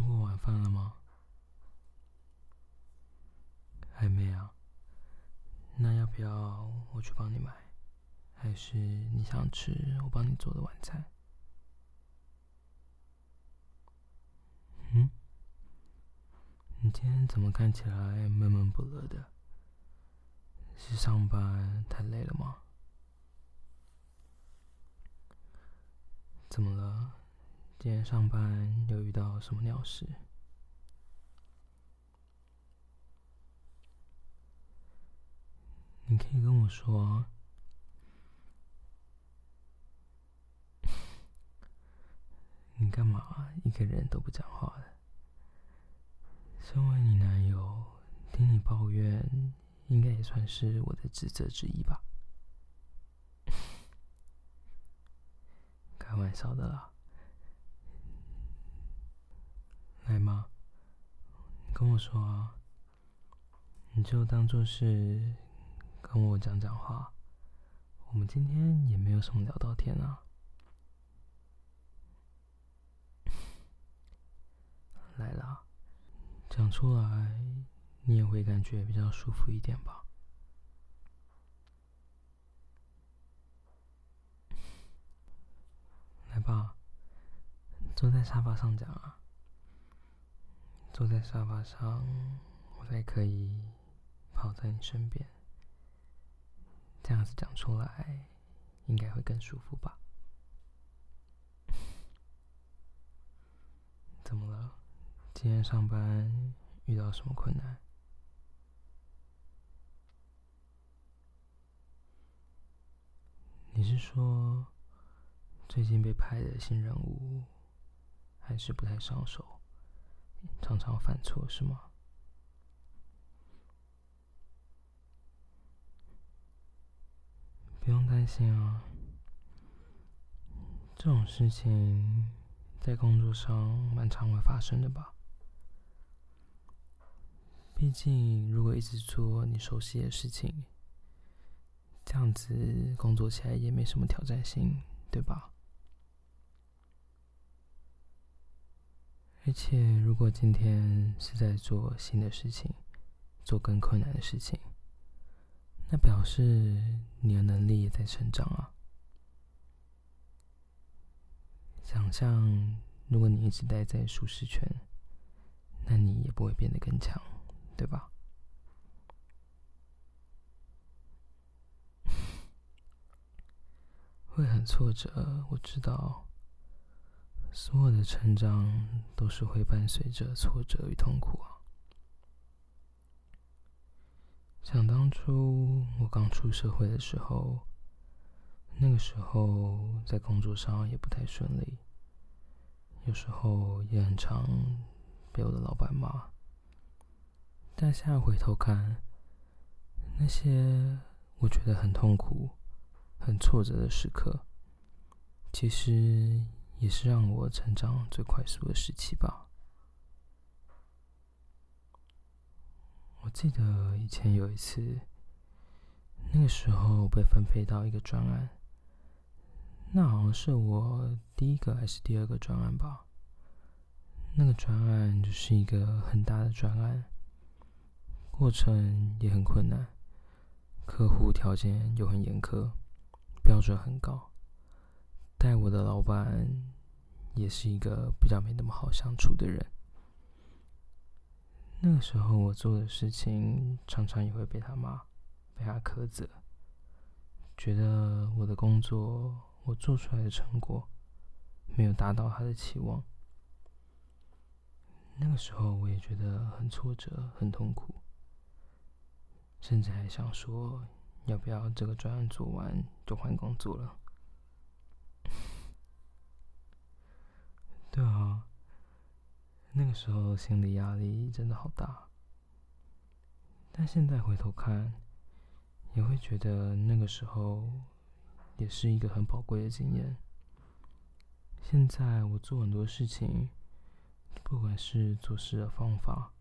吃過晚飯了嗎？還沒啊。那要不要我去幫你買？還是你想吃我幫你做的晚餐？嗯？你今天怎麼看起來悶悶不樂的？是上班太累了嗎？怎麼了？今天上班又遇到什麼鳥事？你可以跟我說啊。你幹嘛一個人都不講話的？身為你男友，聽你抱怨，應該也算是我的職責之一吧。開玩笑的啦。來嘛、哎？你跟我說啊，你就當做是跟我講講話，我們今天也沒有什麼聊到天啊。來了，講出來你也會感覺比較舒服一點吧。來吧，坐在沙發上講啊。坐在沙發上，我才可以靠在你身邊。這樣子講出來，應該會更舒服吧？ 怎麼了？今天上班遇到什麼困難？你是說最近被派的新任務，還是不太上手？常常犯錯是嗎？不用擔心啊，這種事情在工作上蠻常會發生的吧。畢竟，如果一直做你熟悉的事情，這樣子工作起來也沒什麼挑戰性，對吧？而且，如果今天是在做新的事情，做更困難的事情，那表示你的能力也在成長啊。想象，如果你一直待在舒適圈，那你也不會變得更強，對吧？會很挫折，我知道。所有的成長都是會伴隨着挫折與痛苦啊。想當初我剛出社會的時候，那個時候在工作上也不太順利，有時候也很常被我的老闆罵。但現在回頭看，那些我覺得很痛苦、很挫折的時刻，其實……也是讓我成長最快速的時期吧。我記得以前有一次，那個時候被分配到一個專案，那好像是我第一個還是第二個專案吧？那個專案就是一個很大的專案，過程也很困難，客戶條件又很嚴苛，標準很高。帶我的老闆也是一個比較沒那麼好相處的人。那個時候我做的事情常常也會被他罵，被他苛責，覺得我的工作、我做出來的成果沒有達到他的期望。那個時候我也覺得很挫折、很痛苦，甚至還想說，要不要這個專案做完就換工作了。對啊，那個時候心理壓力真的好大。但現在回頭看，也會覺得那個時候也是一個很寶貴的經驗。現在我做很多事情，不管是做事的方法，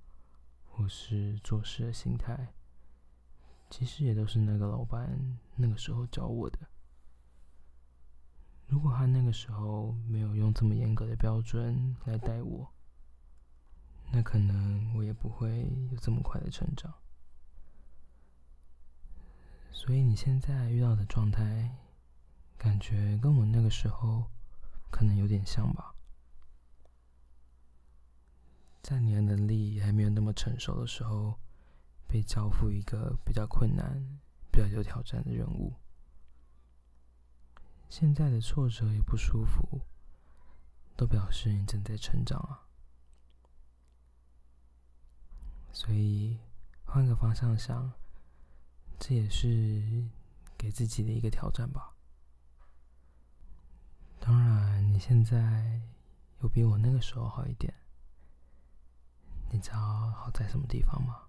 或是做事的心態，其實也都是那個老闆那個時候教我的。如果他那個時候沒有用這麼嚴格的標準來帶我，那可能我也不會有這麼快的成長。所以你現在遇到的狀態，感覺跟我那個時候可能有點像吧。在你的能力還沒有那麼成熟的時候，被交付一個比較困難、比較有挑戰的任務。現在的挫折與不舒服，都表示你正在成長啊。所以換個方向想，這也是給自己的一個挑戰吧。當然，你現在有比我那個時候好一點，你知道好在什麼地方嗎？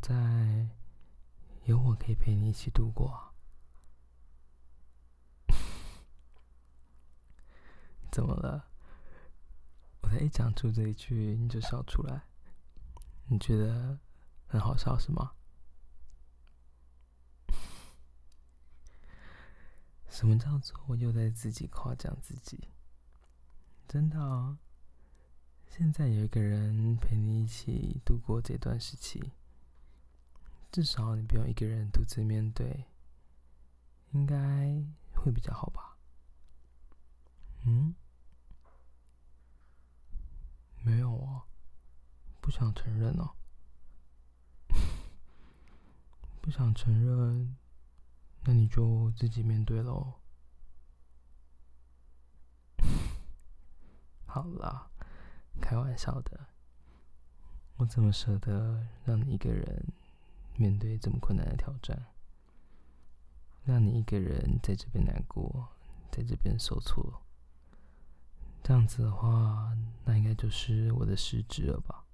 在有我可以陪你一起度過， 怎麼了？我才一講出這一句你就笑出來，你覺得很好笑是嗎？ 什麼叫做我又在自己誇獎自己？真的哦，現在有一個人陪你一起度過這段時期。至少你不用一個人獨自面對，應該會比較好吧？嗯，沒有啊，不想承認哦， 不想承認，那你就自己面對咯。 好啦，開玩笑的，我怎麼捨得讓你一個人？面對這麼困難的挑戰，讓你一個人在這邊難過，在這邊受挫，這樣子的話，那應該就是我的失職了吧，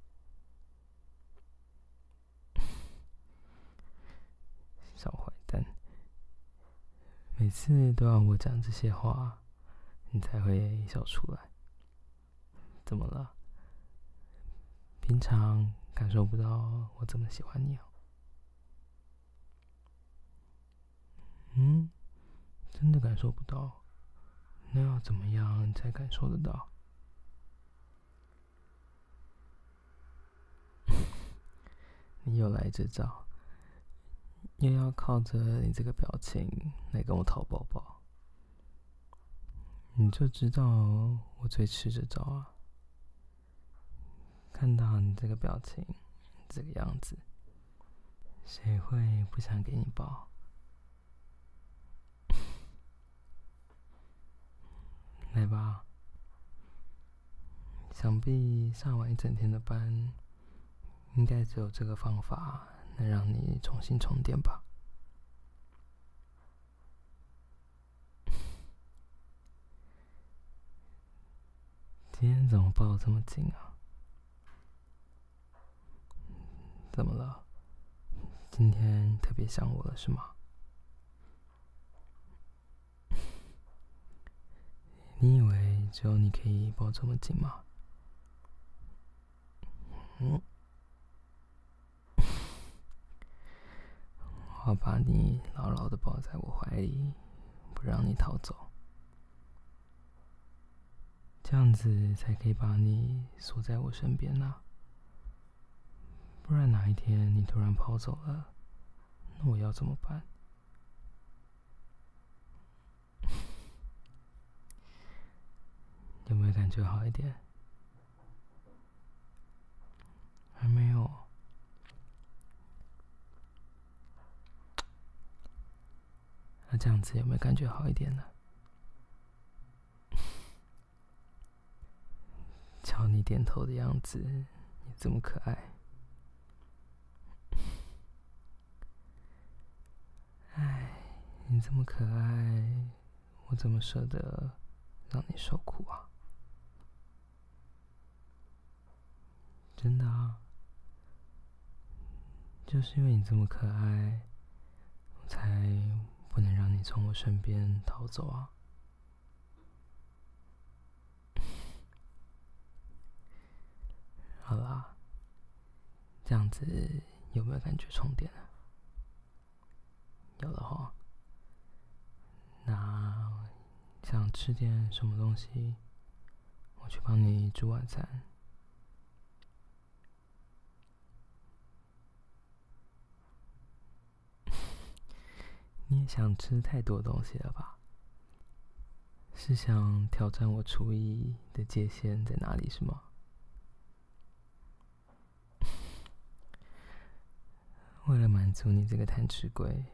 小壞蛋。每次都要我講這些話，你才會笑出來。怎麼了？平常感受不到我這麼喜歡你哦、啊。嗯，真的感受不到，那要怎麼樣才感受得到？ 你又來這招，又要靠着你這個表情來跟我討抱抱。你就知道我最吃這招啊！看到你這個表情，這個樣子，誰會不想給你抱？來吧，想必上完一整天的班，應該只有這個方法能讓你重新充電吧。今天怎麼抱得這麼緊啊？怎麼了？今天特別想我了是嗎？你以為只有你可以抱這麼緊嗎？嗯，我要把你牢牢的抱在我懷裡，不讓你逃走。這樣子才可以把你鎖在我身邊吶、啊。不然哪一天你突然跑走了，那我要怎麼辦？有沒有感覺好一點？還沒有。那、啊、這樣子有沒有感覺好一點呢、啊？瞧你點頭的樣子，你這麼可愛。唉，你這麼可愛，我怎麼捨得讓你受苦啊？就是因為你這麼可愛，我才不能讓你從我身邊逃走啊！ 好啦，這樣子有沒有感覺充電啊？有的話，那想吃點什麼東西？我去幫你煮晚餐。你也想吃太多東西了吧？是想挑戰我廚藝的界限在哪裡是嗎？ 為了滿足你這個貪吃鬼，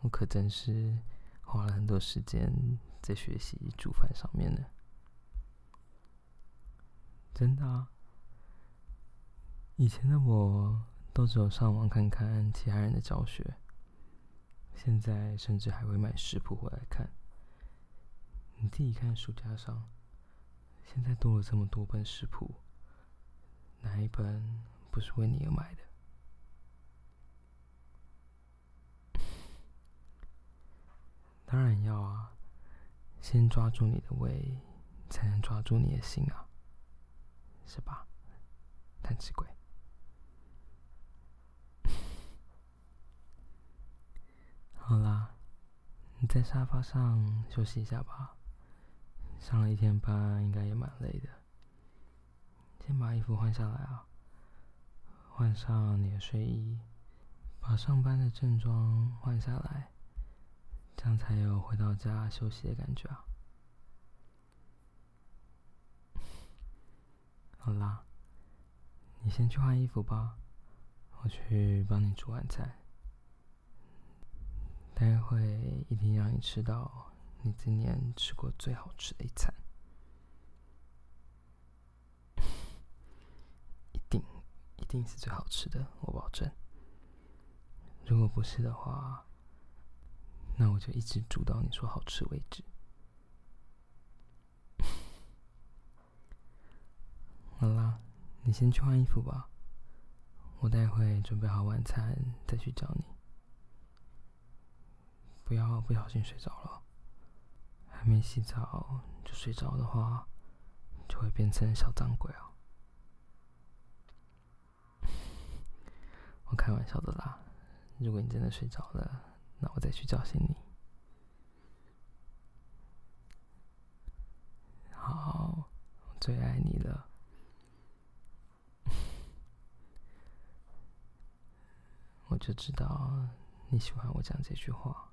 我可真是花了很多時間在學習煮飯上面呢。真的啊，以前的我都只有上網看看其他人的教學。現在甚至還會買食譜回來看。你自己看書架上，現在多了這麼多本食譜，哪一本不是為你而買的？當然要啊，先抓住你的胃，才能抓住你的心啊，是吧，貪吃鬼？好啦，你在沙發上休息一下吧，上了一天班應該也蠻累的。先把衣服換下來啊，換上你的睡衣，把上班的正裝換下來，這樣才有回到家休息的感覺啊。好啦，你先去換衣服吧，我去幫你煮晚餐。待會一定讓你吃到你今年吃過最好吃的一餐，一定一定是最好吃的，我保證。如果不是的話，那我就一直煮到你說好吃為止。好啦，你先去換衣服吧，我待會準備好晚餐再去找你。不要不小心睡着了，還沒洗澡就睡着的話，就會變成小髒鬼哦。 我開玩笑的啦，如果你真的睡着了，那我再去叫醒你。好，好，我最愛你了。 我就知道你喜歡我講這句話。